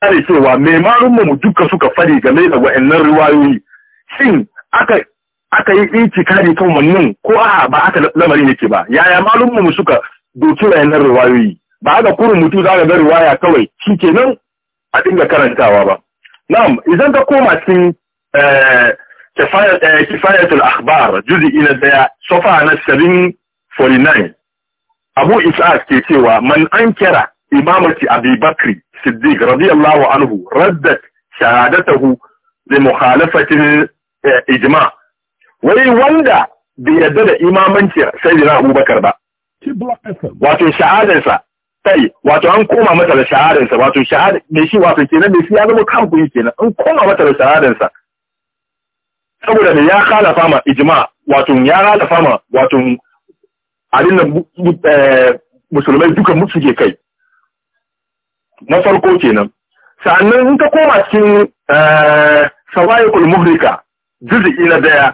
kare cewa maimarin mu duka suka fari game da wa'annan riwayoyi shin aka aka yi itikari kan wannan ko a ba aka lamari yake ba yaya malum mu suka doki wa'annan riwayoyi ba ga kurin mutu za ka ga riwaya kawai shi kenan a dinga karantawa ba na'am idan ka koma cikin eh, eh, kifayatul akhbar juz'i na daya safa na 749 abu isa ke cewa man ankara imamati abi bakri siddiq radiyallahu anhu raddat shahadatahu li mukhalafatin eh, ijma wai wanda bai yarda da imamanci sayyidina abubakar ba wato shahadarsa sai wato an koma masa da shahadarsa wato shahada, mai shi wato kenan mai shi ya zama kan kuyi kenan an koma masa da shahadarsa saboda ne ya khalafa ma ijma wato ya khalafa ma wato abin da eh, musulmai duka mutu ke kai na farko kenan sa'annan in ka koma cikin eh, sawaikul muhrika juz'i na daya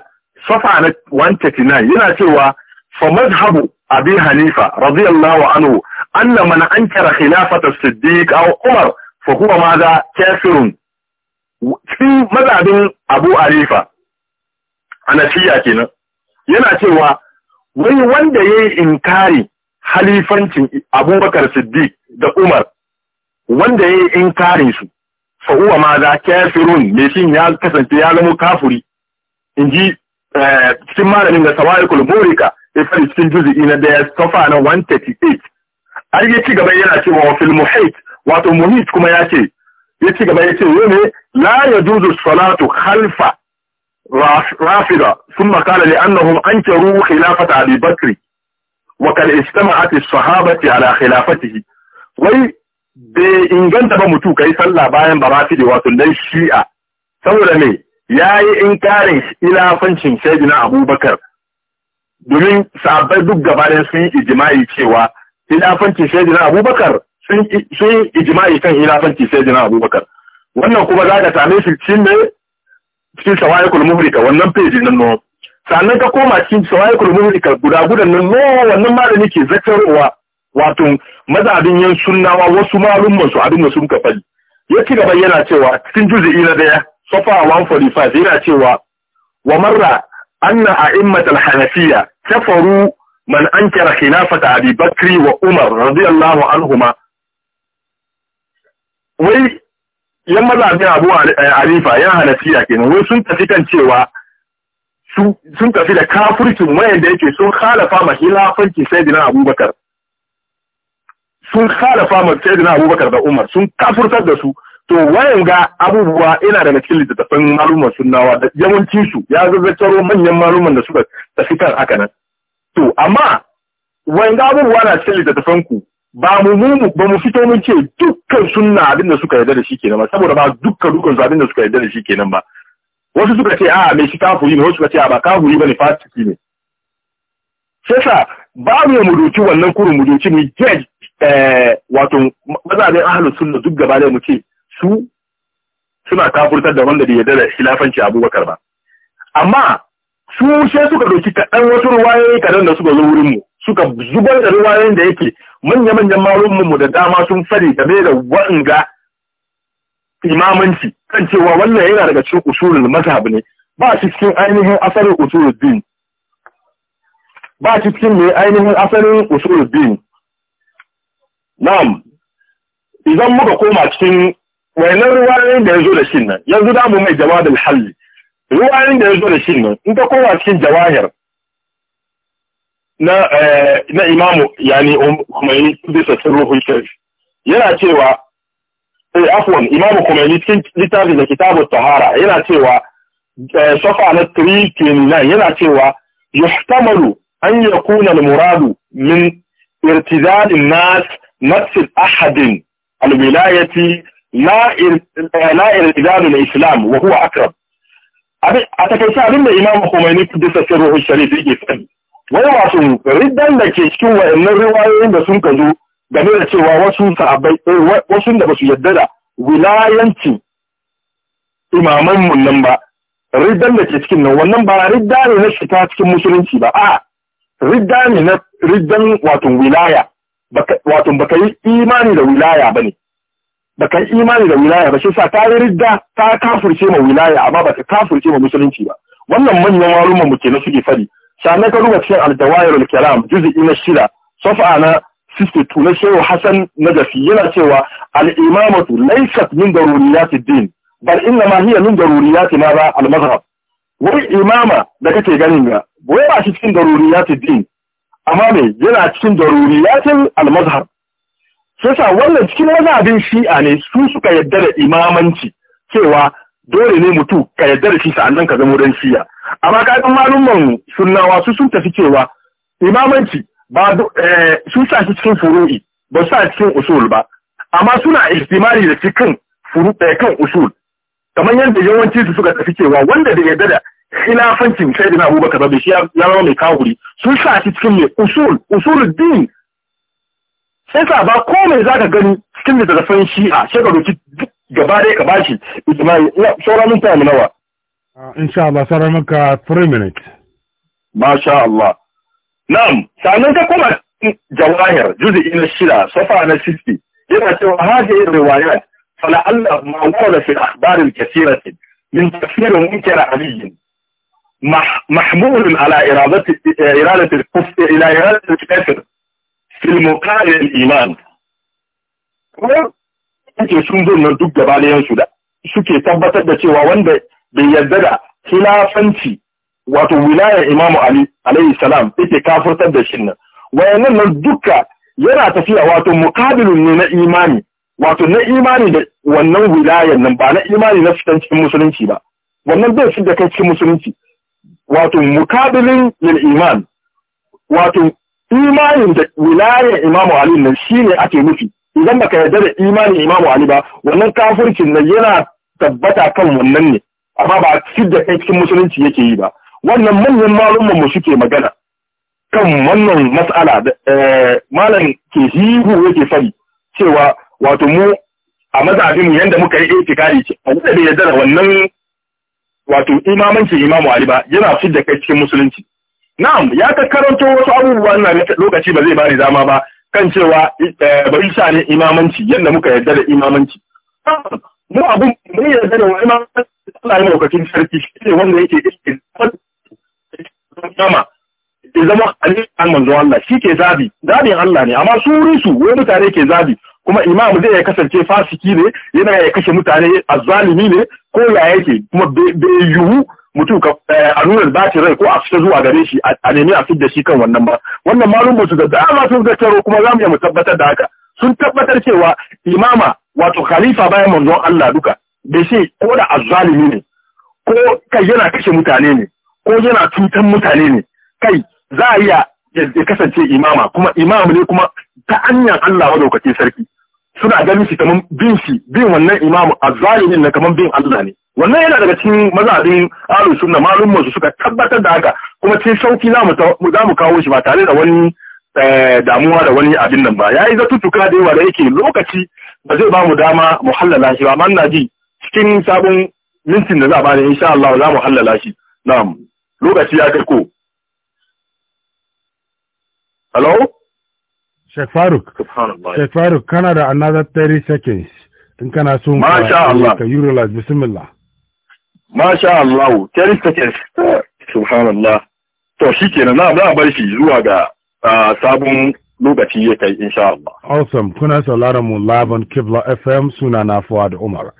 safa na 139 yana cewa fa madhhabu abi hanifa radiyallahu anhu anna man ankara khilafata siddiq aw umar fa huwa madha kafirun cikin mazabin abu arifa Anasiya kenan yana cewa wai wanda yayi inkari halifancin abubakar siddiq da umar wanda ya yi kare su fa'uwa ma za kafirun mai shi ya kasance ya zama kafuri in ji eh, cikin malamin da sawaikul kulborika ya fari cikin juzi'i na daya safa na 138 an yi ci gaba yana cewa wa fil muhit wato muhit kuma ya ce ya ci gaba ya ce ne la ya yajuzu salatu khalfa sun ثم قال لأنهم أنكروا خلافة bakri بكر وكان اجتمعت sahabati ala khilafatihi wai bai inganta ba mutu kai sallah bayan ba ma da wato dan shi'a saboda me yayi in inkarin ilafancin sayyidina Abubakar domin sahabbai duk gaba da sun ijma'i cewa ilafancin sayyidina Abubakar sun sun ijma'i kan ilafancin sayyidina Abubakar wannan kuma za ka same shi cikin ne cikin shawayikul muhrika wannan page nan no sannan ka koma cikin shawayikul muhrika guda gudan nan no wannan malami ke zakarwa wato mazhabin yan sunnawa wasu malumman su abin da sun ka ya ci gaba yana cewa cikin juz'i na daya safa 145 yana cewa wa marra anna a'immat al-hanafiyya kafaru man ankara khilafata abi bakri wa umar radiyallahu anhuma wai yan mazhabin abu alifa eh, yan hanafiya kenan wai sun tafi kan cewa sun tafi da kafircin da yake sun khalafa ma sai sayyidina abubakar sun khalafa ma sayyidina Abubakar da Umar sun kafurtar da su to wayan ga abubuwa ina daga cikin littattafan maluman sunnawa da yawancin su ya zazzaro manyan maluman da suka tafi kan haka nan to amma wayan ga abubuwa na cikin littattafan ku ba mu mu ba mu fito mun ce dukkan sunna abin da suka yarda da shi kenan ba saboda ba dukkan dukkan abin da suka yarda da shi kenan ba wasu suka ce a me shi kafuri ne wasu suka ce a ba kafuri bane fasiki ne sai sa ba mu mu doki wannan kurun mu doki mu Eh, wato mazabin ahlus sunna duk gaba da muke su suna kafurtar da wanda bai yarda da khilafanci Abubakar ba amma su sai suka doki kaɗan wasu ruwayoyi kaɗan da suka zo wurin mu suka zubar da ruwayen da yake manya-manyan malumin da dama sun fari game da wa'anga imamanci kan cewa wannan yana daga cikin usulul mazhab ne ba shi cikin ainihin asalin usulul din ba shi cikin ainihin asalin usulul din Na'am, idan muka koma cikin wayannan ruwayoyin da ya zo da shi nan, yanzu da mu mai jama'a da halli. Ruwayoyin da ya zo da shi nan, in ka koma cikin jawahir na na imamu yani Khomeini bisa sirruhul sharif. Yana cewa eh afwan imamu Khomeini cikin littafin da kitabu tahara yana cewa safa na 329 yana cewa yuhtamalu an yakuna al-muradu min irtizal an-nas masjid ahadin alwilayati la irtidalu al-islam wa huwa akrab a takaice abin da imam Khomeini kudisa sirruhu sharif yake faɗi wai wato riddan da ke cikin wayannan riwayoyin da sun kazo game da cewa wasu sahabbai wasu da basu yadda da wilayanci imaman mun nan ba riddan da ke cikin nan wannan ba ridda ne na shita cikin musulunci ba a ridda ne na riddan wato wilaya wato baka yi imani da wilaya bane baka yi imani da wilaya ba shi sa ta yi ridda ta kafurce ma wilaya amma baka kafurce ma musulunci ba wannan manyan waruman mu kenan suke faɗi. sannan ka ruba cikin al-dawairul kalam juz'i na shida safa na 62 na shehu hasan najafi yana cewa al-imamatu laysat min daruriyatid din bal inna ma hiya min daruriyati ma ba al-mazhab wai imama da kake ganin ga wai ba shi cikin daruriyatid din amma ne yana cikin ce almazhar sosa wannan cikin mazhabin shi'a ne su suka yadda da imamanci cewa dole ne mutu ka yadda da shi sa'annan ka zama don shi'a amma kaɗin malumman sunnawa su sun tafi cewa imamanci ba eh, su sa shi cikin furu'i ba sa cikin usul ba amma suna ihtimali da cikin eh, kan usul kamar yadda yawanci su suka tafi cewa wanda da yadda da khilafancin sai da abubakar rabbi shi ya zama mai kawuri sun sa shi cikin mai usul usul din sai sa ba ko mai zaka gani cikin da tafan shi a shekaru roki gaba dai ka shi ismail sauran mun tayi nawa ah, insha Allah sauran maka 3 minutes masha Allah na'am sannan ka kuma jawahir juz'i na shida safa na 60 yana cewa hadhihi riwayat ma wala fi akhbar al الكثيرة min tafsir منكر علي محمول على إرادة إرادة الكفر إلى إرادة الكفر في المقال الإيمان suke sun zo nan duk gaba da su da suke tabbatar da cewa wanda bai yarda da khilafanci wato wilaya imamu ali alayhi salam yake kafurtar da shi nan wayannan nan duka yana tafiya wato mukabilun ne na imani wato na imani da wannan wilayan nan ba na imani na fitan cikin musulunci ba wannan bai fi da kai cikin musulunci wato mukabilin lil iman wato imanin da wilaya imamu ali nan shine ake nufi idan baka yarda da imanin imamu ali ba wannan kafircin nan yana tabbata kan wannan ne amma ba cikin kai cikin musulunci yake yi ba wannan manyan malumman mu suke magana kan wannan mas'ala da eh, malam ke hihu yake fari cewa wato mu a mazhabin yanda muka yi itikadi ce a da bai yarda da wannan wato imamanci imamu Ali ba yana fidda kai cikin musulunci na'am ya ta karanto wasu abubuwa na lokaci ba zai bani dama ba kan cewa eh, bari sha ne imamanci yadda muka yarda da imamanci mu abun mun yarda da imamanci Allah ya lokacin sarki shi ne wanda yake zama a alƙan manzo Allah shi ke zabi zabin Allah ne amma su wurin su wani mutane ke zabi kuma imam zai ya kasance fasiki ne yana ya kashe mutane azzalimi ne ko ya yake kuma bai yiwu mutum ka eh, a nuna bacin rai ko a fita zuwa gare shi a nemi a fidda shi kan wannan ba wannan malum ba su da dama sun ga taro kuma za mu iya mu tabbatar da haka sun tabbatar cewa imama wato khalifa bayan manzon Allah duka da shi ko da azzalimi ne ko kai yana kashe mutane ne ko yana cutan mutane ne kai za a iya ya kasance imama kuma imam ne kuma ta hanyar Allah madaukake sarki suna ganin shi kamar bin shi bin wannan imamu a zalimin na kamar bin Allah ne wannan yana daga cikin mazabin ahlus sunna malumman su suka tabbatar da haka kuma cikin shauki za mu kawo shi ba tare da wani eh, damuwa da wani abin nan ba yayi tuka da yawa da yake lokaci ba zai ba mu dama mu halala shi ba amma ina ji cikin sabon mintin da za a bani insha Allah za mu halala shi na'am lokaci ya kai ko hello Sheikh Faruk. Sheikh Faruk kana da another 30 seconds in kana so Masha Allah. Ka Eurolas bismillah. Masha Allah 30 seconds. Subhanallah. To ke na za a bar shi zuwa ga sabon lokaci ya kai insha Allah. Awesome. Kuna sauraron mu Laban Kibla FM suna na Fuad Umar.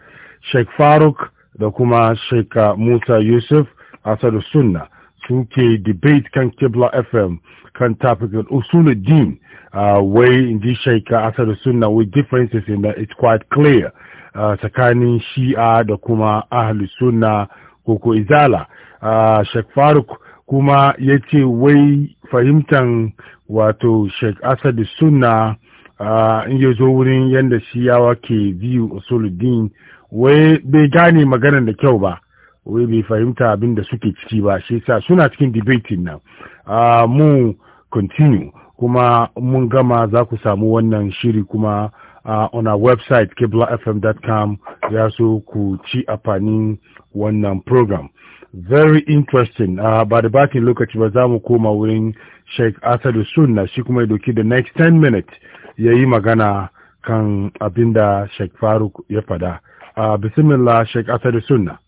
Sheikh Faruk da kuma Sheikh uh, Musa Yusuf Asadu Sunna suke debate kan Kibla FM kan tafikin usulul din Uh, way wai this shaykh shaika asar sunna with differences in that it's quite clear tsakanin uh, shi'a da kuma ahli sunna ko ko izala uh, sheikh faruk kuma ya ce wai fahimtan wato sheikh asad sunna in ya zo wurin yadda shiyawa ke biyu usuluddin wai bai gane maganar da kyau ba wai bai fahimta abin da suke ciki ba shi sa suna cikin debating nan mu continue kuma mun gama za ku samu wannan shiri kuma uh, on our website kiblafm.com ya so ku ci amfanin wannan program very interesting uh, ba da bakin lokaci ba za mu koma wurin sheikh asadu sunna shi kuma ya doki the next ten minutes ya yi magana kan abinda sheikh faruk ya fada uh, bismillah sheikh asadu sunna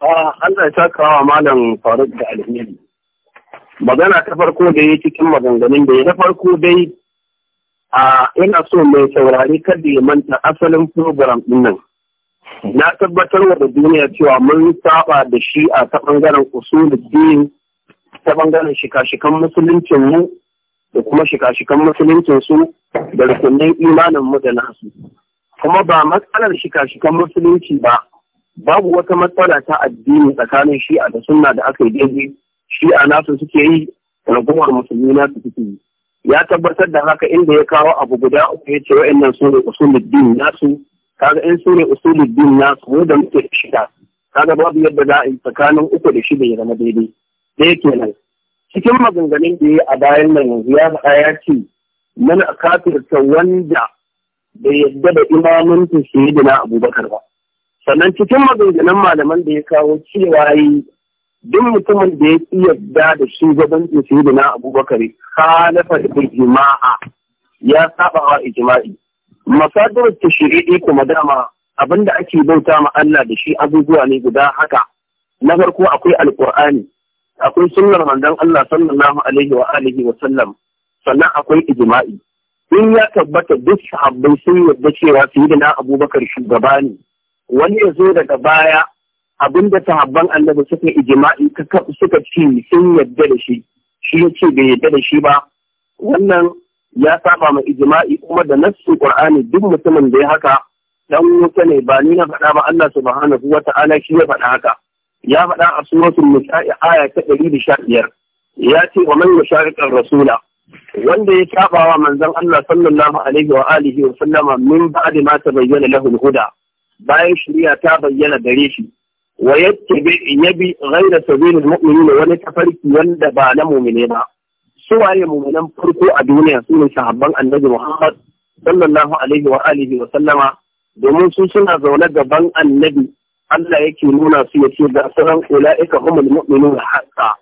Allah ya taka wa malam faruk da alheri magana ta farko da ya cikin maganganun da ya na farko dai a ina so mai saurari kada ya manta asalin program din nan na tabbatar wa da duniya cewa mun saba da shi a ta bangaren usuluddin ta bangaren shika-shikan musuluncin mu da kuma shika-shikan musuluncin su da rukunin imanin mu da nasu kuma ba matsalar shika-shikan musulunci ba babu wata matsala ta addini tsakanin shi'a da sunna da aka yi daidai shi'a nasu suke yi ragowar musulmi nasu suke yi ya tabbatar da haka inda ya kawo abu guda uku ya ce wa'annan su ne din nasu kaga in su ne din nasu mu da muke shida kaga babu yadda za a yi tsakanin uku da shida ya zama daidai Daya kenan cikin maganganun da ya a bayan nan yanzu ya faɗa ya ce mana kafirta wanda bai yadda da imamin ta shi da abubakar ba sannan cikin maganganun malaman da ya kawo cewa yi duk mutumin da ya ƙi yadda da shi gaban da na abubakar khalafa jima'a ya saba wa ijma'i masadar shiri'i kuma dama abinda ake bauta ma Allah da shi abubuwa ne guda haka na farko akwai alqur'ani akwai sunnar manzon Allah sallallahu alaihi wa alihi wa sallam sannan akwai ijma'i in ya tabbata duk sahabbai sun yarda cewa sai da na abubakar shugaba ne wani ya zo daga baya Abin da sahabban annabi suka ijma'i suka ce sun yadda da shi shi ya ce bai yadda da shi ba wannan ya saba ma ijma'i kuma da nassu qur'ani duk mutumin da ya haka dan wuta ne ba ni na faɗa ba Allah subhanahu wa shi ya faɗa haka ya faɗa a suratul nisa'i aya ta 115 ya ce wa man yashariqar rasula wanda ya saba wa manzon Allah sallallahu alaihi wa alihi wa sallama min ba'di ma tabayyana lahu huda bayan shari'a ta bayyana gare shi wa in yabi ghayra sabilil da wani tafarki wanda ba na mu'mine ba su waye mu'minan farko a duniya su ne sahabban annabi Muhammad sallallahu alaihi wa alihi wa sallama domin su suna zaune gaban annabi Allah yake nuna su yace da sauran ulaika humul mu'minun haqqan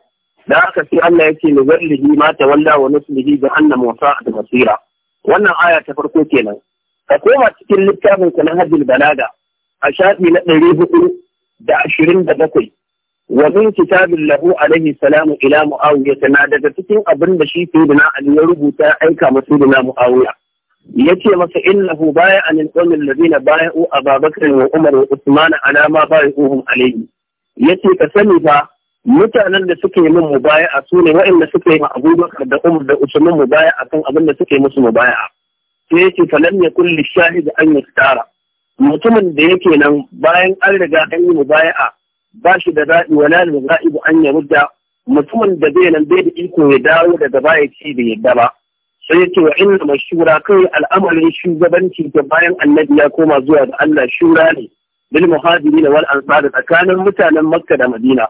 da haka sai Allah yake ni zallihi ma tawalla wa nuslihi jahannam wa sa'at masira wannan aya ta farko kenan ka koma cikin littafin ka na hajjul balaga a shaɗi na ɗari hudu da ashirin da bakwai wa min kitabin lahu alaihi salamu ila muawiya na daga cikin abin da shi sayyidina ali ya rubuta aika masu sayyidina muawiya yace masa innahu baya anil qawmil ladina bay'u ababakar wa umar wa usman ala ma bay'uhum alaihi yace ka sani fa mutanen da suke min mubaya'a su ne waɗanda suke yi ma abubakar da umar da usman mubaya'a kan abin da suke musu mubaya'a sai yace falam yakul da an tara. mutumin da yake nan bayan an riga an yi mubaya'a ba shi da zaɓi wala da za'ibu an ya mudda mutumin da bai nan bai da iko ya dawo daga baya ci da yadda ba sai ya ce wa inna mashura kai al'amarin shugabanci da bayan annabi ya koma zuwa ga Allah shura ne bil muhajirin wal ansar tsakanin mutanen makka da madina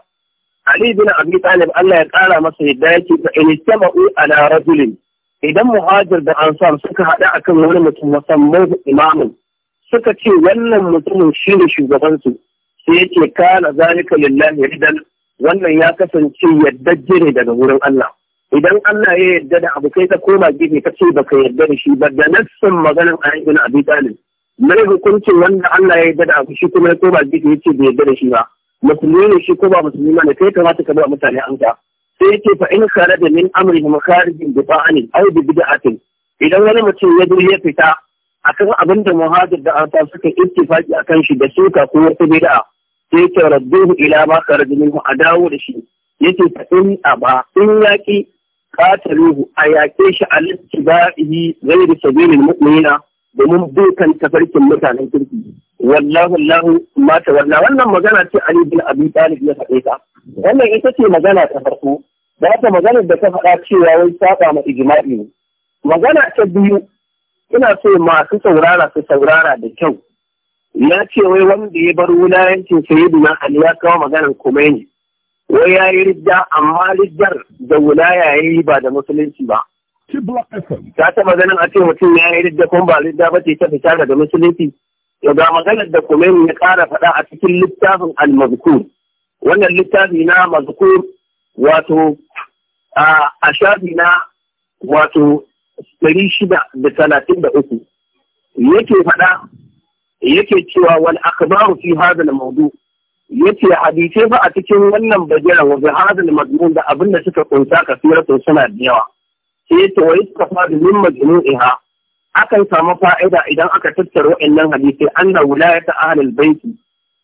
ali bin abi talib Allah ya kara masa yadda yake fa in istama'u ala rajulin idan muhajir da ansar suka haɗu akan wani mutum musamman imamin suka ce wannan mutumin shi ne shugabansu sai ya ce kana zalika lillahi ridan wannan ya kasance yadda ne daga wurin Allah idan Allah ya yarda da abu kai ta koma gefe ka ce baka yarda da shi ba da nassin maganin ayi ibn abi talib mai hukuncin wanda Allah ya yarda da abu shi kuma ya koma gefe ya ce bai yarda da shi ba musulmi ne shi ko ba musulmi ne kai kamata ka ba mutane amsa sai ce fa in kharaja min amrihim kharijin bi fa'anin aw bi bid'atin idan wani mutum ya je ya fita akan abin da muhajir da ansa suka ittifaki kan shi da suka ko wata bid'a sai ta radduhu ila ma kharaja minhu a dawo da shi yace fa in aba in yaki qataluhu a yake shi al-tibahi ghayr sabilil mu'minina domin dukan tafarkin mutanen kirki wallahu allahu ma tawalla wannan magana ce ali bin abi talib ya faɗe ta wannan ita ce magana ta farko da ta magana da ta faɗa cewa wai saba ma ijma'i ne magana ta biyu ina so masu saurara su saurara da kyau ya ce wai wanda ya bar wulayancin sayyidina ali ya kawo maganar kumaini wai ya yi ridda amma riddar da wulaya ya yi ba da musulunci ba ta ta ganin a ce mutum ya yi ridda kuma ba ridda ba ce ta fita daga musulunci to ga maganar da kumaini ya kara faɗa a cikin littafin al-mazkur wannan littafi na mazkur wato a shafi na wato Dari shida da talatin da uku yake faɗa yake cewa wal akhbaru fi maudu, al mawdu yace hadisai ba a cikin wannan bajira wa bi hadha al madmun da abin da suka kunsa kasiratun suna da yawa sai wai wa istafa min Iha. akan samu fa'ida idan aka tattara wa'annan hadisai anna wilayata ahli al bait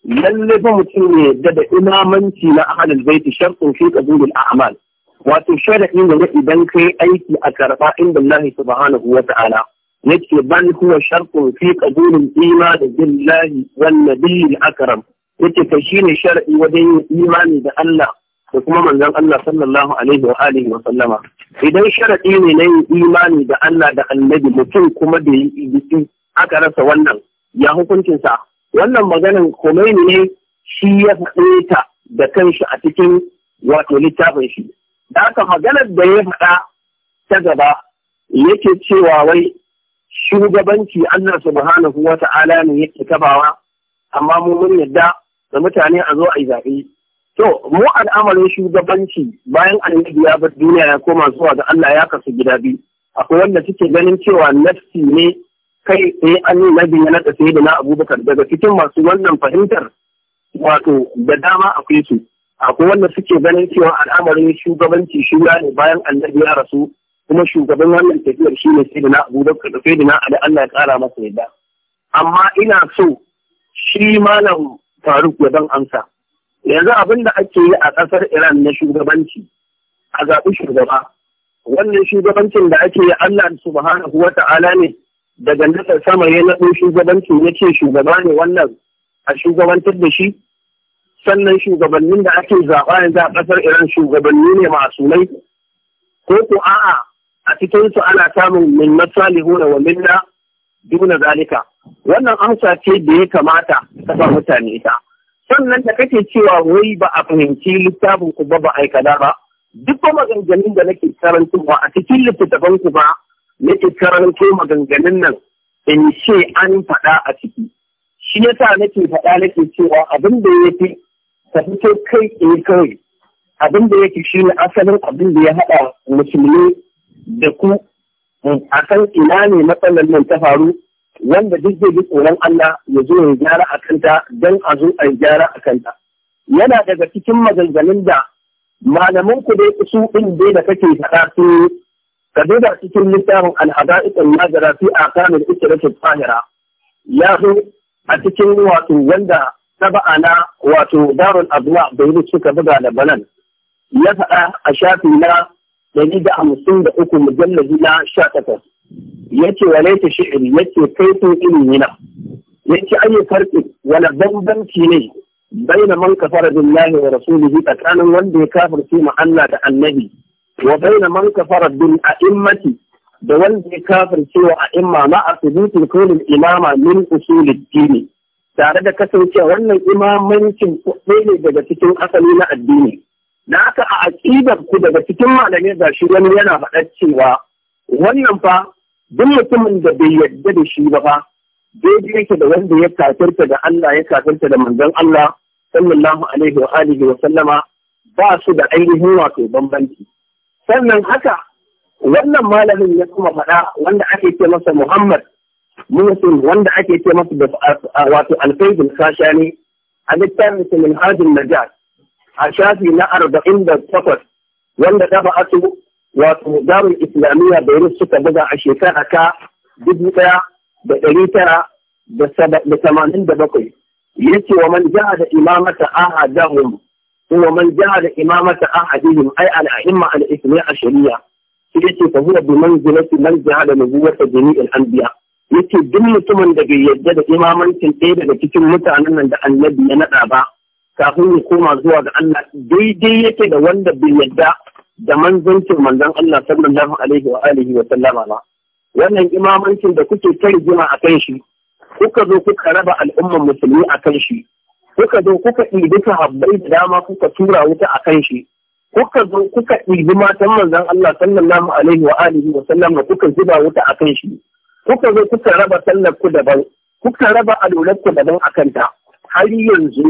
lalle ba mutum ne da da imamanci na ahli al bait shartun fi qabul al a'mal wato sharaɗi ne na idan yi aiki a karɓa inda Allah subhanahu wa ta'ala yake ban huwa shartun fi qabulil imani billahi wan nabiyil akram ka shi ne sharadi wajen yin imani da Allah da kuma manzon Allah sallallahu alaihi wa alihi wa sallama idan sharadi ne na yin imani da Allah da annabi mutum kuma da yi aka rasa wannan ya hukuncin sa wannan maganan komai ne shi ya faɗe ta da kanshi a cikin wato littafin shi da haka maganar da ya faɗa ta gaba yake cewa wai shugabanci Allah subhanahu wa ta'ala ne yake tabawa amma mu mun yadda da mutane a zo a yi zaɓe to mu al'amarin shugabanci bayan annabi ya bar duniya ya koma zuwa ga Allah ya kasu gida biyu akwai wanda suke ganin cewa nafsi ne kai sai annabi ya naɗa sai da na abubakar daga cikin masu wannan fahimtar wato da dama akwai su akwai wanda suke ganin cewa al'amarin shugabanci shura ne bayan annabi ya rasu kuma shugaban wannan tafiyar shi ne na abubakar da da na ali Allah ya kara masa yadda amma ina so shi malam faruk ya ban amsa yanzu abin da ake yi a ƙasar iran na shugabanci a zaɓi shugaba wannan shugabancin da ake yi Allah subhanahu wa ta'ala ne daga nasa sama ya naɗo shugabanci ya ce shugaba ne wannan a shugabantar da shi sannan shugabannin da ake zaɓa yanzu a ƙasar Iran shugabanni ne masu masumai ko ko a'a a cikin su ana samun min masalihu da waminna duna zalika wannan amsa ce da ya kamata ta ba mutane ita sannan da kake cewa wai ba a fahimci littafin ku ba ba aikada ba duk ba maganganun da nake karanto ba a cikin littafin ku ba nake karanto maganganun nan in ce an faɗa a ciki shi yasa nake faɗa nake cewa abin da ya fi ta fito kai tsaye kawai abin da yake shi na asalin abin da ya haɗa musulmi da ku mm, a kan ina ne matsalar nan ta faru wanda duk zai bi tsoron Allah ya zo ya gyara a kanta don a zo a gyara a kanta. Yana daga cikin maganganun da malaman ku dai su ɗin dai da kake faɗa su ka duba cikin littafin ikon nazara fi a kanin ikiratul tsahira ya zo a cikin wato wanda saba'a na wato darul abuwa da yi suka buga da balan ya faɗa a shafi na ɗari da hamsin da uku mujallabi na sha takwas ya ce wa laita shi'iri ya ce kaifin ilimi na ya ce an yi wani bambanci ne baina man bin billahi wa rasulihi tsakanin wanda ya kafar ma Allah da annabi wa baina man kafara bil a'immati da wanda ya kafirce a a'imma ma a subutul imama min usulid dini tare da kasancewa wannan imamancin kuɗe ne daga cikin asali na addini. Na haka a aƙidar ku daga cikin malamai ga shi wani yana faɗa cewa wannan fa duk mutumin da bai yarda da shi ba fa daidai yake da wanda ya kafirta da Allah ya kafirta da manzon Allah sallallahu alaihi wa alihi wa sallama ba su da ainihin wato bambanci. Sannan haka wannan malamin ya kuma faɗa wanda ake ce masa Muhammad musul wanda ake ce masa da wato alfaizul kashani a littafin su minhajin najat a shafi na arba'in da takwas wanda dafa asu wato darul islamiyya da bayrus suka buga a shekara ta dubu ɗaya da ɗari tara da tamanin da bakwai Ya ce wa man ja'a da imamata ahadahum wa man ja'a da imamata ahadihim ai al-a'imma al-islamiyya a shari'a sai ce ta huwa bi manzilati man ja'a da nubuwwata an biya. yace duk mutumin da bai yarda da imamancin ɗaya daga cikin mutanen nan da annabi ya naɗa ba kafin ya koma zuwa ga Allah daidai yake da wanda bai yarda da manzancin manzon Allah sallallahu alaihi wa alihi wa sallama ba wannan imamancin da kuke ta rigima a kan shi kuka zo kuka raba al'umman musulmi a kan shi kuka zo kuka ɗibi sahabbai da dama kuka tura wuta a kan shi kuka zo kuka ɗibi matan manzon Allah sallallahu alaihi wa alihi wa sallama kuka zuba wuta a kan shi kuka zo kuka raba sallar ku daban kuka raba alular ku daban akan ta har yanzu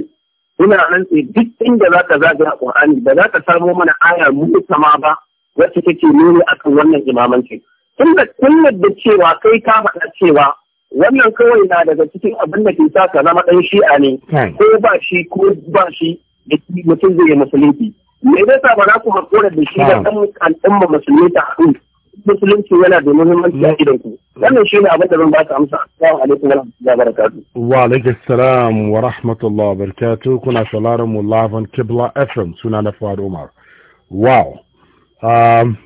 ina rantsi duk inda za ka zagaya Qur'ani ba za ka samo mana aya mu ma ba wacce take nuni akan wannan imamanci tunda kun da cewa kai ka faɗa cewa wannan kawai na daga cikin abin da ke sa ka zama ɗan shi'a ne ko ba shi ko ba shi da mutum zai yi musulunci me yasa ba za ku haƙura da shi da ɗan al'umma musulmi ta haɗu musulunci yana da muhimmanci a mm. idan ku wannan shine abin da zan ba ka amsa assalamu alaikum wa rahmatullahi wa barakatuh wa alaikum assalam wa rahmatullahi wa barakatuh kuna sauraron mu live on Kibla FM suna na Fuad Umar wow um,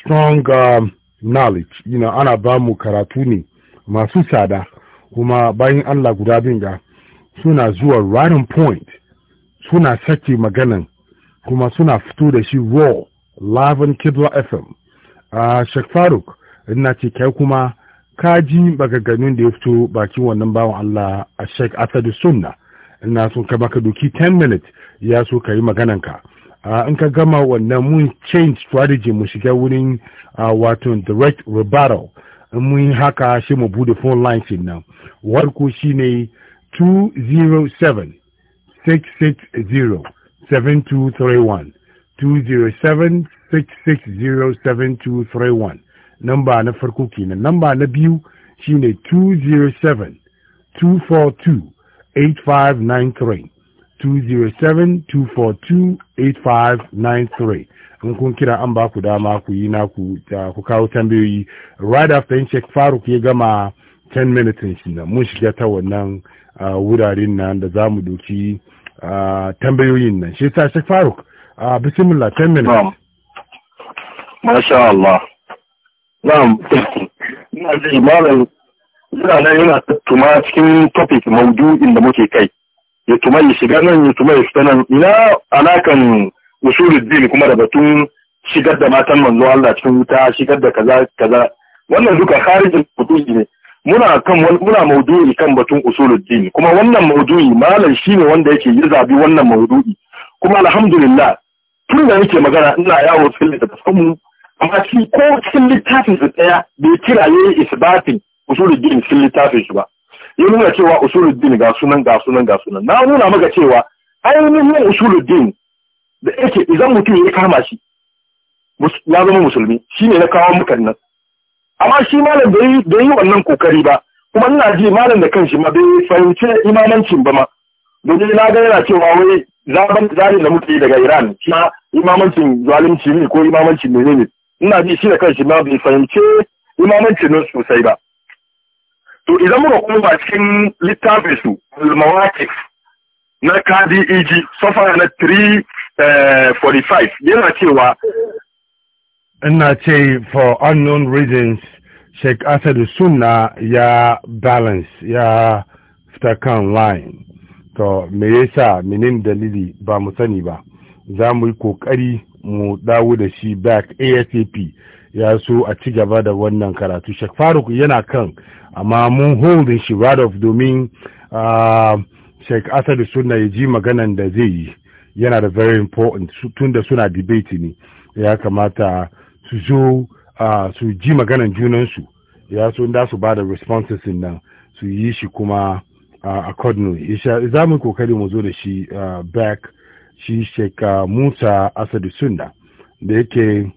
strong um, knowledge you know ana ba mu karatu ne masu tsada kuma bayan Allah guda bin ga suna zuwa right point suna sake maganan kuma suna fito da shi raw live on Kibla FM a Sheikh Faruk ina ce kai kuma ka ji bagagganun da ya fito bakin wannan bawan Allah a Sheikh Asadu Sunna ina so ka baka doki 10 minutes ya so ka yi maganan ka in ka gama wannan mun change strategy mu shiga wurin wato direct rebuttal mun yi haka shi mu bude phone line shi nan warko shine 207 660 7231 207 6607231 namba na farko kenan namba na biyu shine 207-242-8593 207-242-8593 in kun kira an ba ku dama ku yi naku ta ku kawo tambayoyi right after in check faruk ya gama 10 minutes shi nan mun shiga ta wannan ah, wuraren nan da za mu doki ah, tambayoyin nan shi ta check faruk ah, bismillah 10 minutes Masha Allah. Na'am. Ina ji malam ina nan yana tuma cikin topic maudu'in da muke kai. Ya tuma yi shiga nan ya tuma yi fita nan. Ina alakan din kuma da batun shigar da matan manzo Allah cikin wuta shigar da kaza kaza. Wannan duka harijin maudu'i ne. Muna kan muna maudu'i kan batun din kuma wannan malar malam shine wanda yake yi zabi wannan maudu'i. Kuma alhamdulillah tun da nake magana ina yawo cikin da samu. amma shi ko cikin littafin su ɗaya bai kira ya yi isbatin usuluddin cikin littafin shi ba ya nuna cewa usuluddin ga sunan ga sunan ga sunan na nuna maka cewa ainihin usuluddin da yake idan mutum ya kama shi ya zama musulmi shine na kawo mukan nan amma shi malam bai yi wannan kokari ba kuma ina ji malam da kanshi ma bai fahimci imamancin ba ma domin na ga yana cewa wai zaben zarin da muke daga Iran na imamancin zalunci ne ko imamancin menene. ne ina ji shi da kanshi ma bai fahimce imamancin nan sosai ba to idan muka ba cikin littafin su al na kadi eg na 345 eh, yana cewa ina ce for unknown reasons Sheikh Asadu Sunna ya balance ya fita kan line to me yasa menin dalili ba mu sani ba za mu yi kokari mu dawo da shi back asap ya so a ci gaba da wannan karatu shek faruk yana kan amma mun holding shi right of domin shek asadu suna ya ji maganan da zai yi yana da very important tun da suna debate ne ya kamata su zo su ji maganan junansu ya so da su ba da responses nan su yi shi kuma accordingly za mu kokari mu zo da shi back shi sheka musa asadu Sunda da yake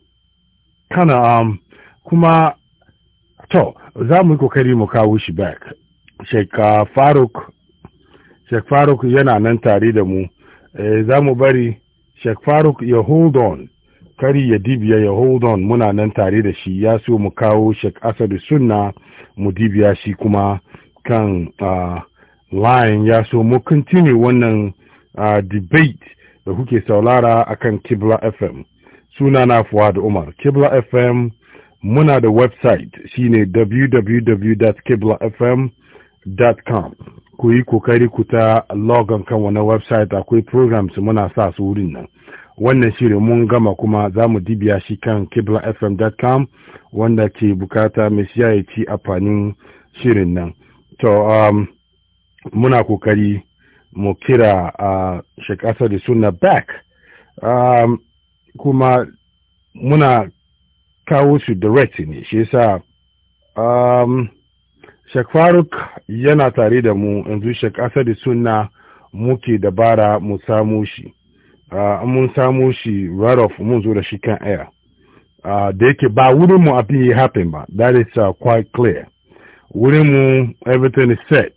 kana um, kuma to za mu yi kokari mu kawo shi back sheka faruk shek faruk yana nan tare da mu e, za mu bari shek faruk ya hold on kari ya dibiya ya hold on muna nan tare da shi ya so mu kawo shek asadu sunna mu dibiya shi kuma kan uh, line ya so mu continue wannan uh, debate da kuke saulara akan Kibla FM. Suna na Fuad Umar. Kibla FM muna da website shine www.kiblafm.com. Ku yi kokari ku ta logon kan wani website akwai programs muna sa su wurin nan. Wannan shirin mun gama kuma za mu dibiya shi kan kiblafm.com wanda ke bukata mai shi ya ci amfanin shirin nan. To, um, muna kokari mu kira a shekasa da suna back um, kuma muna kawo su direct ne shi yasa um, Faruk yana tare da mu yanzu Sheikh Asadi Sunna muke dabara mu samu shi. Uh, mun samu shi right off mun zo da shi kan air. da yake ba wurinmu mu abin yi happen ba. That is uh, quite clear. wurinmu everything is set.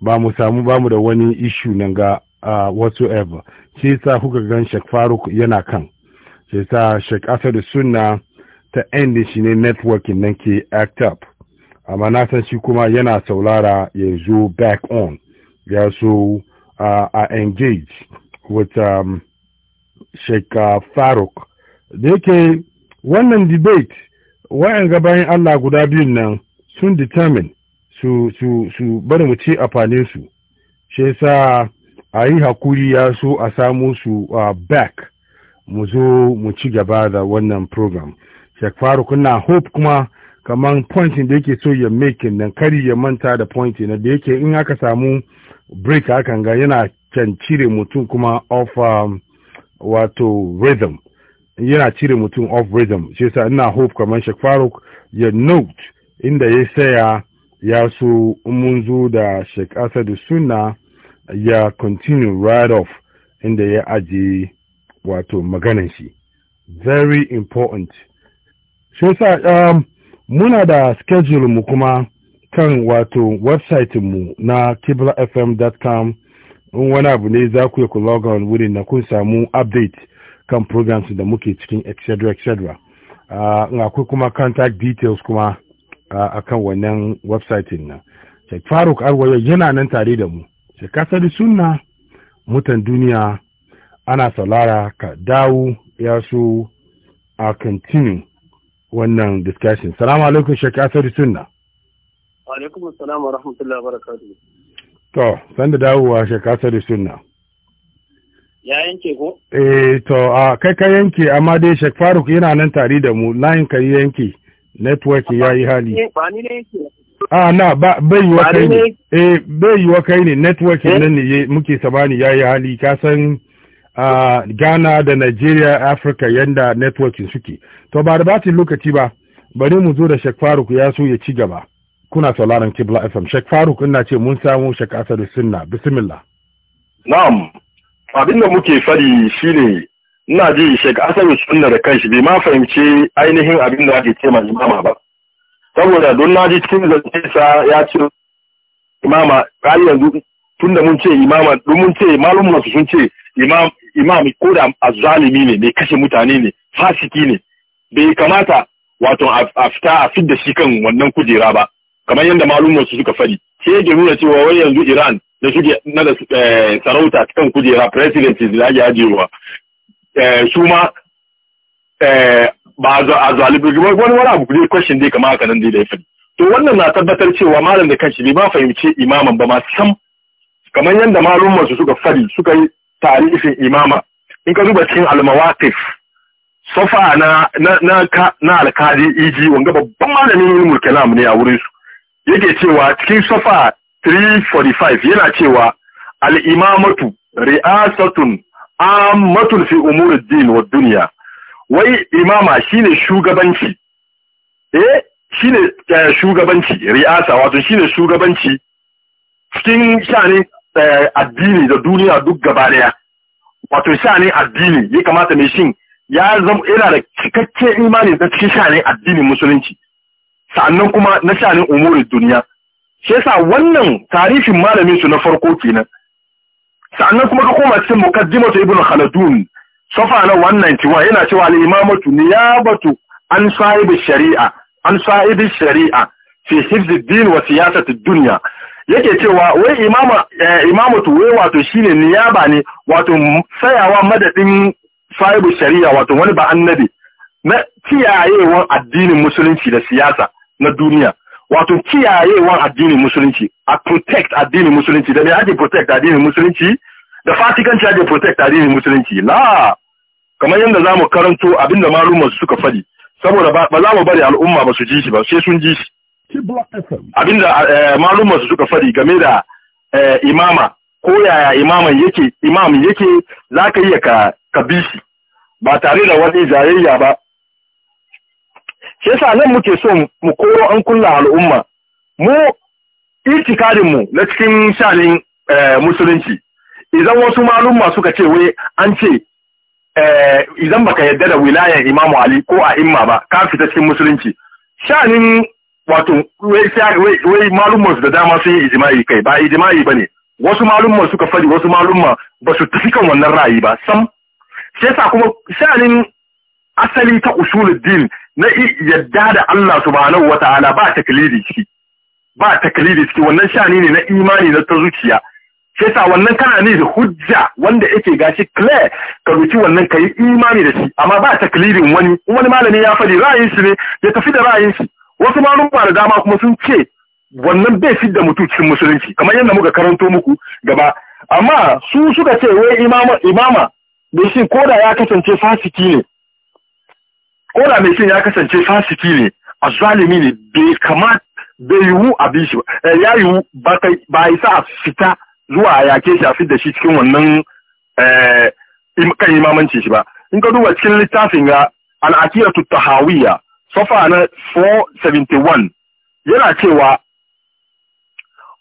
ba mu samu ba mu da wani ishu nan ga wasu whatsoever shi sa kuka gan Sheikh Faruk yana kan shi sa Sheikh asad Sunna ta endi shi ne networking nan ke act up amma na san shi kuma yana saulara ya zo back on ya so a engage with um, Sheikh uh, Faruk da yake wannan debate wa'yan gabayin Allah guda biyun nan sun determine su su su bari mu ci amfanin su shi yasa a yi hakuri ya so a samu su a back mu zo mu ci gaba da wannan program shek Faruk kuna hope kuma kamar pointin da yake so ya make nan kari ya manta da point na da yake in aka samu break hakan ga yana can cire mutum kuma off um, wato rhythm yana cire mutum of rhythm shi yasa ina hope kamar shek Faruk ya note inda ya saya ya so mun zo da Sheikh Asadu suna ya continue right off inda ya aje wato maganan shi very important shi sa um, muna da schedule mu kuma kan wato website mu na kiblafm.com in wani abu ne za ku yi ku log on wurin na kun samu update kan programs da muke cikin etc etc uh, akwai kuma contact details kuma a kan wannan websitin nan sai faruk arwayo yana nan tare da mu sai kasar sunna mutan duniya ana salara ka dawo ya so a continue wannan discussion salamu alaikum shi Kasar sunna wa alaikum salam wa rahmatullahi wa barakatuh to san da dawowa shi Kasar sunna ya yanke ko eh to a kai ka yanke amma dai shek faruk yana nan tare da mu layin ka yanke network ya yi hali eh, a na bai yi wa kai ne eh bai yi wa kai ne network eh? nan ne muke sabani ya yi hali kasan san uh, Ghana da Nigeria Africa yanda networking suke to ba da batin lokaci ba bari mu zo da Sheikh Faruk ya so ya ci gaba kuna sauraron Kibla FM Sheikh Faruk ina ce mun samu Sheikh Asadu Sunna bismillah na'am abin da muke fadi shine ina ji shek asabi sunna da kanshi bai ma fahimci ainihin abin da ake ce ma imama ba saboda don na ji cikin zance sa ya ce imama kai yanzu tun da mun ce imama don mun ce malum masu sun ce imam imam ko da azzalimi ne mai kashe mutane ne fasiki ne bai kamata wato a fita a fidda shi kan wannan kujera ba kamar yadda malum masu suka fadi ke ke nuna cewa wai yanzu Iran da suke na da eh, sarauta kan kujera presidency da ake ajiyewa Eh, su ma eh, ba a zalibi wani wani abu ne kwashin dai kama haka dai da ya faɗi to wannan na tabbatar cewa malam da kanshi bai ma fahimci imaman ba ma sam kamar yadda malumman su suka fari, suka yi tarihin imama in ka duba cikin almawatif, safa na na na iji e wanga babban malamin ilmul kalam ne a wurin su yake cewa cikin safa 345 yana cewa al-imamatu ri'asatun ammatul fi umurid din wa dunya wai imama shine shugabanci eh shine eh, shugabanci ri'asa wato shine shugabanci cikin shani eh, addini da duniya duk gaba daya wato shani addini ya kamata mai shin ya zama yana da cikakken imani da cikin shani addini musulunci sannan kuma na shanin umurin duniya shi yasa wannan tarihin malamin su na farko kenan sannan kuma ka koma cikin ta ibn khaldun safa na 191 yana cewa al-imamatu niyabatu an sahibi shari'a an sahibi shari'a fi hifzi din wa siyasati dunya yake cewa wai imama eh, imamatu wai wato shine niyaba ne wato sayawa madadin sahibi shari'a wato wani ba annabi na kiyayewan addinin musulunci da siyasa na duniya wato kiyayewan addinin musulunci a protect addinin musulunci da me ake protect addinin musulunci da Fatikan Church protect addinin musulunci la kamar yadda zamu karanto abinda malumar suka fadi saboda ba za mu bari al'umma ba su ji shi ba sai sun ji shi abinda eh, malumar su suka faɗi game da eh, imama ko yaya imaman yake imam yake za ka iya ka ka bi shi ba tare da wani jayayya ba Sai sa nan muke so mu koro an kulla al'umma mu itikadin mu na cikin shanin eh, musulunci idan wasu malumma suka ce wai an ce eh, idan baka yadda da wilayan Imam Ali ko a imma ba ka fita cikin musulunci shanin wato wai malumma da dama sun yi ijma'i kai ba ijma'i bane wasu malumma suka fadi wasu malumma ba su tafi kan wannan ra'ayi ba sam sai sa kuma shanin asali ta usuluddin na yadda da Allah subhanahu wataala ba taklidi shi ba taklidi ciki wannan shani ne na imani na ta zuciya sai sa wannan kana ne da hujja wanda yake gashi clear ka ruci wannan ka yi imani da shi amma ba taklidin wani wani malami ya faɗi ra'ayin shi ne ya tafi da ra'ayin shi wasu malam-ba da dama kuma sun ce wannan bai fi da mutu cikin musulunci kamar yadda muka karanto muku gaba amma su suka ce wai imama imama da shi koda ya kasance fasiki ne koda mai shin ya kasance fasiki ne zalimi ne bai kamata bai yiwu abin shi ba eh, ya yiwu ba ya sa a fita zuwa a yake shi a da shi cikin wannan eh, kan imamanci shi ba in ka duba cikin littafin ga al'aqidatu tahawiyya sofa na 471 yana cewa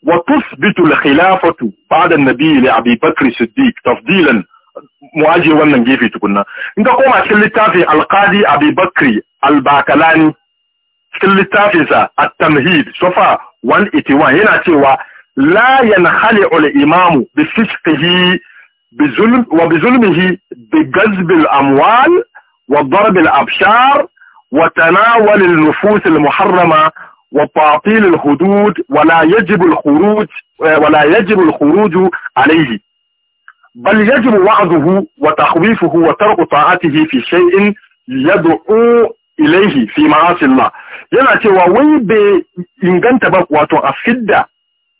wa tusbitu al-khilafatu ba'da an-nabi li Abi Bakr Siddiq tafdilan mu wannan gefe tukunna in ka koma cikin littafin al-Qadi Abi Bakr al-Bakalani cikin littafinsa at-Tamhid sofa 181 yana cewa لا ينخلع الإمام بفسقه بظلم وبظلمه بجذب الأموال وضرب الأبشار وتناول النفوس المحرمة وتعطيل الحدود ولا يجب الخروج ولا يجب الخروج عليه بل يجب وعظه وتخويفه وترك طاعته في شيء يدعو إليه في معاصي الله cewa wai bai inganta ba wato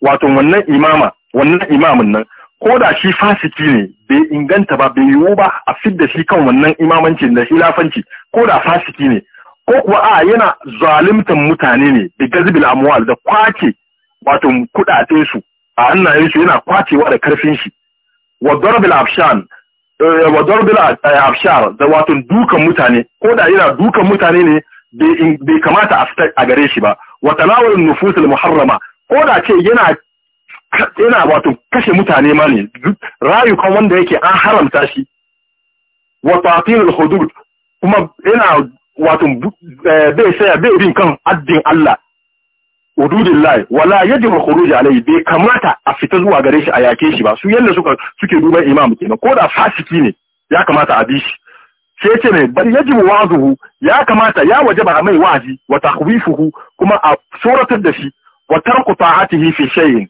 wato wannan imama wannan imamin nan ko da shi fasiki ne bai inganta ba bai yiwu ba a da shi kan wannan imamanci da shi lafanci ko da fasiki ne ko kuwa a yana zalimtan mutane ne da gazbil amwal da kwace wato kudaden su a hannayen su yana kwacewa da karfin shi wa darbil afshan eh, wa darbil eh, afshar da wato dukan mutane ko da yana dukan mutane ne bai kamata a a gare shi ba wa talawul nufus muharrama ko da ce yana yana wato kashe mutane ma ne rayukan wanda yake an haramta shi wa tatilul hudud kuma yana wato eh, bai saya bai bin kan addin Allah hududillahi wala yajibu khuruj alayhi bai kamata a fita zuwa gare shi a yake shi ba su yalla suke duban imam kenan ko da fasiki ne ya kamata a bi shi sai ce ne bal yajibu wazuhu ya kamata ya wajaba mai wazi wa tahwifuhu kuma a suratar da shi wa tarku ta'atihi fi shay'in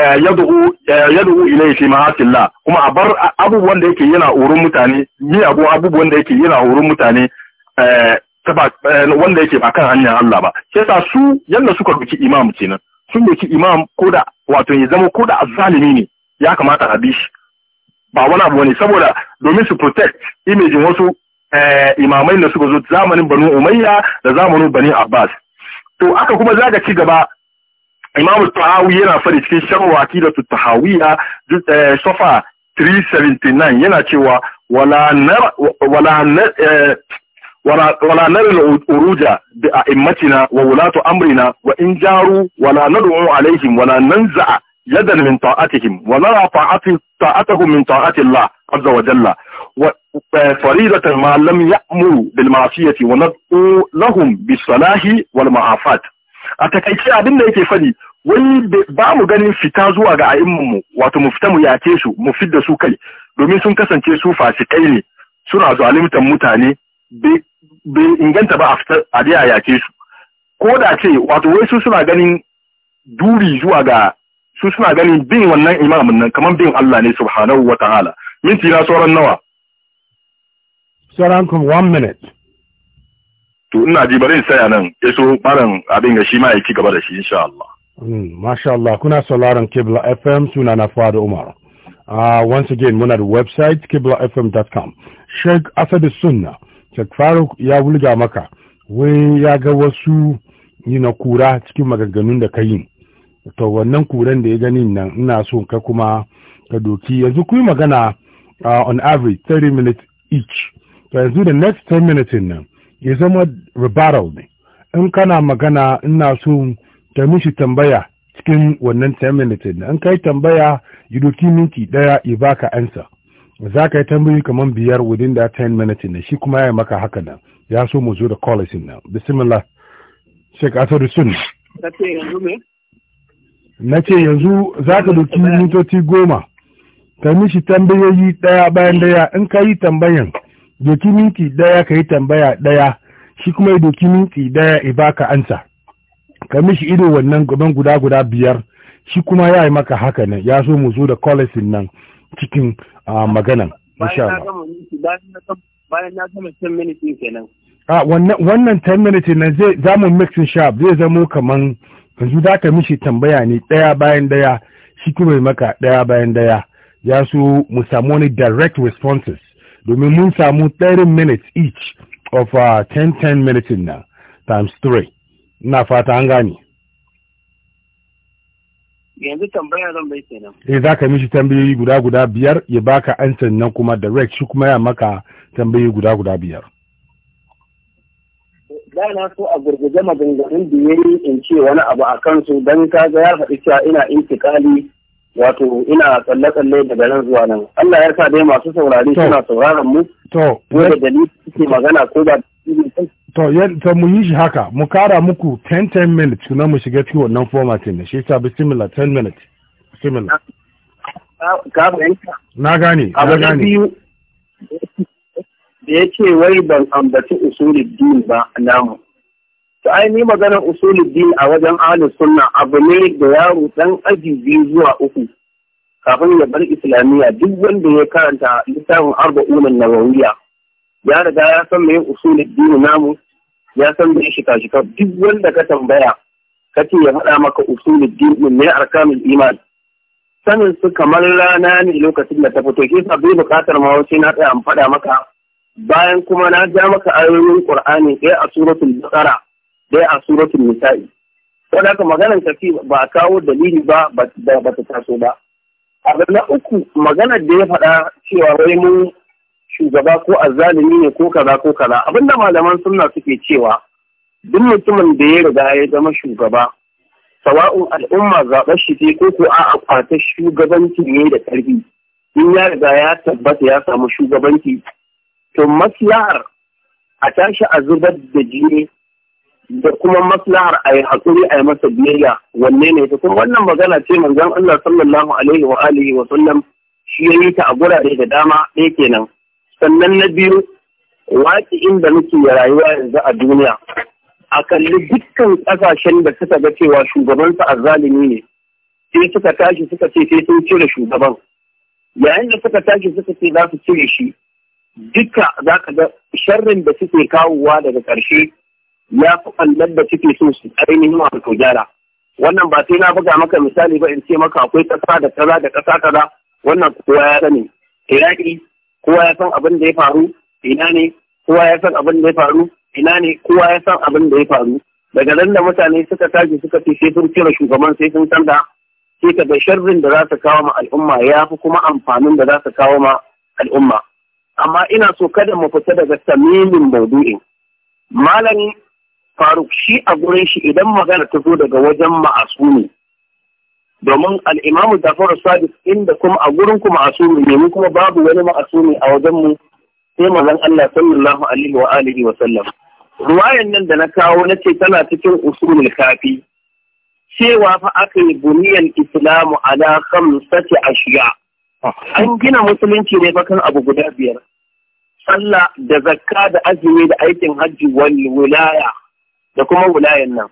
eh, yad'u eh, yad'u ilayhi fi ma'atillah kuma a bar abubuwan da yake yana urun mutane abu abubuwan da yake yana urun mutane eh, wanda yake ba kan hanyar Allah ba sai sa su yanda suka duki imam kenan sun duki imam ko da wato ya zama ko da azzalimi ne ya kamata a bi shi ba wani abu ne saboda domin su protect image wasu imamai da suka zo zamanin Banu Umayya da zamanin Bani Abbas to aka kuma zaga ci gaba imam tahawi yana fari cikin sharwa aqidatu tahawiya eh, safa 379 yana cewa wala nar wala ولا نرى الأروج بأئمتنا وولاة أمرنا وإن جاروا ولا ندعو عليهم ولا ننزع يدا من طاعتهم ونرى طاعتهم من طاعة الله عز وجل فريضة ما لم يأمروا بالمعصية وندعو لهم بالصلاح والمعافات a takaice abin da yake faɗi wani ba mu ganin fita zuwa ga a'imman mu wato mu fita mu yake su mu fidda su kai domin sun kasance su fasikai ne suna zaluntar mutane bai inganta ba a fita a dai a yake su ko da ce wato wai su suna ganin duri zuwa ga su suna ganin bin wannan imamin nan kamar bin Allah ne subhanahu wa ta'ala minti na sauran nawa sauran one minute to ina ji bari saya nan ya so barin abin ga shi ma ya ci gaba da shi insha Allah hmm, masha Allah kuna sauraron Kibla FM suna na Fadu Umar uh, once again muna da website kiblafm.com Sheikh Asad Sunna Sheikh Faruk ya wulga maka wai ya ga wasu yi na kura cikin maganganun da ka yi to wannan kuran da ya gani nan ina so ka kuma ka doki yanzu ku magana ah, on average 30 minutes each to yanzu da next 10 minutes nan ya zama rebuttal ne in kana magana ina so ta mishi tambaya cikin wannan 10 minutes ne in kai tambaya ya doki minti daya ya baka ansa za ka yi tambayi kamar biyar within that 10 minutes ne shi kuma ya yi maka haka nan ya so mu zo da college nan bismillah Sheikh Asadu suna na ce yanzu za ka doki mintoci goma ta mishi tambayoyi daya bayan daya in ka yi tambayan doki minti daya ka yi tambaya daya shi kuma ya doki minti daya ya baka ansa ka mishi ido wannan gaban guda guda biyar shi kuma ya yi maka haka nan ya so mu zo da kwalisin nan cikin maganan bayan na gama 10 kenan wannan 10 minute nan zai zamu mix sharp zai zamo kaman yanzu za ka mishi tambaya ne daya bayan daya shi kuma maka daya bayan daya ya so mu samu wani direct responses domin mun samu 30 minutes each of 10-10 uh, minutes na times 3 na fata an gane yanzu tambaya zan bai kenan eh za ka mishi tambayoyi guda guda biyar ya baka ansan nan kuma direct shi kuma ya maka tambayoyi guda guda biyar da na so a gurguje maganganun da yayi in ce wani abu a kansu don kaga ya faɗi cewa ina intikali wato ina tsalle-tsalle daga nan zuwa nan Allah ya sa dai masu saurari suna sauraron mu to wanda dalili suke magana ko ba to yadda mu yi shi haka mu kara muku 10-10 minutes kuna mu shiga cikin wannan format ne shi ta bi similar 10 minutes similar na gane na gane da ya ce wai ban ambaci usulul din ba namu to ainihin maganar maganar usuluddin a wajen ahlus sunna abu ne da yaro dan aji biyu zuwa uku kafin ya bar islamiyya duk wanda ya karanta littafin arba'unan nawawiya ya riga ya san me usuluddin namu ya san me shika shika duk wanda ka tambaya kace ya faɗa maka usuluddin ne arkanul iman sanin su kamar rana ne lokacin da ta fito ke sa bai bukatar ma wace na tsaya faɗa maka bayan kuma na ja maka ayoyin qur'ani ɗaya a suratul baqara dai a suratul nisa'i wanda haka maganar tafi ba a kawo dalili ba ba ta taso ba abu na uku maganar da ya faɗa cewa wai mun shugaba ko azzalimi ne ko kaza ko kaza abinda malaman sunna suke cewa duk mutumin da ya riga ya zama shugaba sawa'un al'umma zaɓar shi ce ko ko a'a kwata shugabanci ne da ƙarfi in ya riga ya tabbata ya samu shugabanci to maslahar a tashi a zubar da jini da kuma maslahar a yi haƙuri a yi masa biyayya wanne ne ta kuma wannan magana ce manzon Allah sallallahu alaihi wa alihi wa sallam shi ya yi ta a gurare da dama ɗaya kenan sannan na biyu waƙi inda muke rayuwa yanzu a duniya a kalli dukkan ƙasashen da suka ga cewa shugabansa azzalimi ne sai suka tashi suka ce sai sun cire shugaban yayin da suka tashi suka ce za su cire shi duka za ka ga sharrin da suke kawowa daga ƙarshe ya fi kallon da suke so su ainihin wato gyara wannan ba sai na buga maka misali ba in ce maka akwai kasa da kaza da kasa kaza wannan kowa ya sani iraki kowa ya san abin da ya faru ina ne kowa ya san abin da ya faru ina ne kowa ya san abin da ya faru daga nan da mutane suka tashi suka ce sai sun cire shugaban sai sun canza sai ka ga sharrin da za su kawo ma al'umma ya fi kuma amfanin da za su kawo ma al'umma amma ina so kada mu fita daga tamimin maudu'in malami faruk shi a gurin shi idan magana ta zo daga wajen ma'asumi domin al'imamu jafar sadiq inda kuma a gurin ku ma'asumi ne mu kuma babu wani ma'asumi a wajen mu sai mazan Allah sallallahu alaihi wa alihi wa sallam ruwayan nan da na kawo na ce tana cikin usulul kafi cewa fa aka yi buniyar islamu ala khamsati ashiya an gina musulunci ne bakan abu guda biyar sallah da zakka da azumi da aikin hajji wal wilaya da kuma wulayen nan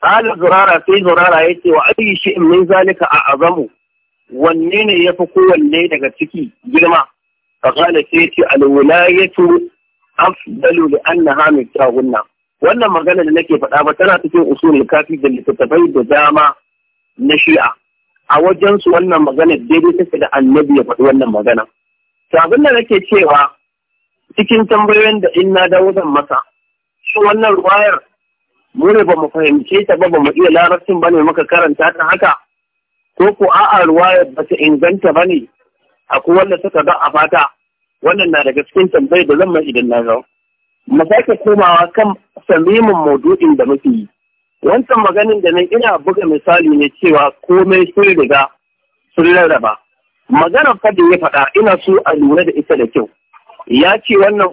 qala zurara sai zurara ce wa ayi in min zalika a azamu wanne ne ya fi kowanne daga ciki girma Ka qala sai yace al wilayatu afdalu li annaha mutahunna wannan magana da nake faɗa ba tana cikin usulul kafi da littattafai da dama na shi'a a wajen su wannan magana daidai take da annabi ya faɗi wannan magana to nake cewa cikin tambayoyin da in na dawo zan masa shi wannan ruwayar mu ne ba mu fahimce ta ba ba mu iya larabcin ba ne muka karanta ta haka ko ku a'a ruwaya ba ta inganta ba ne ku wanda suka ga a fata wannan na daga cikin tambayar da zan mai idan na zo mu sake komawa kan samimin maudu'in da muke yi wancan maganin da nan ina buga misali ne cewa komai sun riga sun rarraba maganar fadin ya faɗa ina so a lura da ita da kyau ya ce wannan